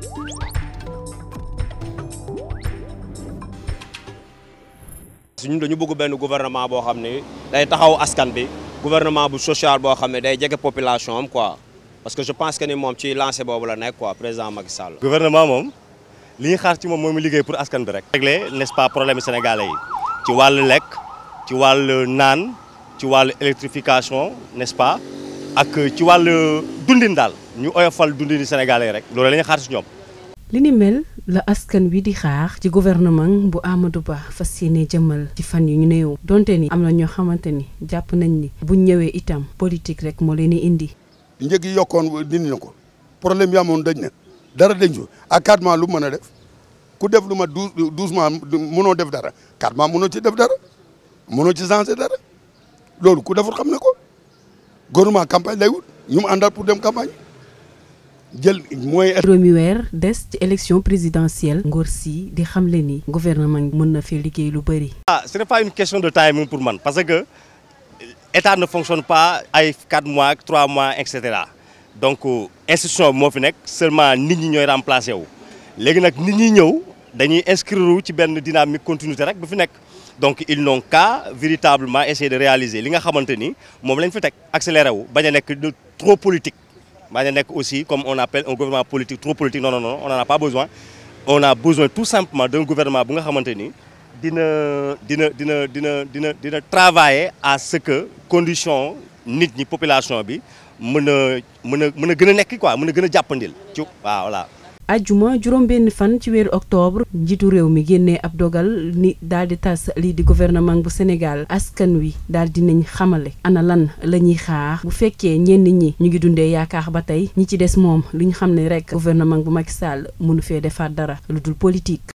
ñun dañu bëgg benn gouvernement boo xam ne day taxaw askan bi gouvernement bu social boo xam ne day jege population am quoi parce que je pense que ni moom ci lancé boobu la nekk quoi président Macky Sall. gouvernement moom li ñu xaar ci moom mooy mu liggéey pour askan bi rek. régler n'est-ce pas problème sénégalais yi ci wàllu lekk ci wàllu naan ci wàllu électrification n'est-ce pas ak ci wàllu dundin daal. ñu oyofal dundini Sénégalais rek loolu la ñuy xaar ñoom. li ni mel la askan wi di xaar ci gouvernement bu Amadou Ba fas yéene jëmal ci fan yu ñu néew donte ni am na ñoo xamante ni jàpp nañ ni buñ ñëwee itam politique rek moo leen indi. njëg yi yokkoon dindi na ko problème yi amoon dañ na dara dañ ko ak 4 lu mën a def ku def lu ma 12 12 mois mënoo def dara 4 mois mënoo ci def dara mënoo ci changé dara loolu ku defut xam na ko gouvernement campagne lay mu àndal pour dem campagne. jël mooy. juróomi des ci élection présidentielle. Ngor si di xamle ni gouvernement mën na fi liggéey lu bëri. ah ce n'est pas une question de timing pour man parce que état ne fonctionne pas ay 4 mois 3 mois et cetera donc euh, institution moo fi nekk seulement nit ñi ñooy remplacer wu. léegi nag nit ñi ñëw dañuy inscrire wu ci benn dynamique continuité rek bu fi nekk donc ils non qu'à véritablement essayer de réaliser li nga xamante ni moom lañ fi teg accéléré wu bañ nekk politique. bañ a nekk aussi comme on appelle un gouvernement politique trop politique non non non on n'en a pas besoin on a besoin tout simplement d'un gouvernement bu nga xamante ni dina dina dina dina dina dina travailler à ce que condition nit ñi population bi mën a mën a mën a gën a nekk quoi mën a gën a jàppandil ci waaw voilà ajjuma juróom benn fan ci weeru octobre njiitu réew mi génnee ab dogal ni daal di tas lii di gouvernement bu Sénégal askan wi daal di nañ xamale ana lan la ñuy xaar bu fekkee ñenn ñi ñu ngi dundee yaakaar ba tey ñi ci des moom li ñu xam ne rek gouvernement bu Macky Sall mënu fee defaat dara lu dul politique.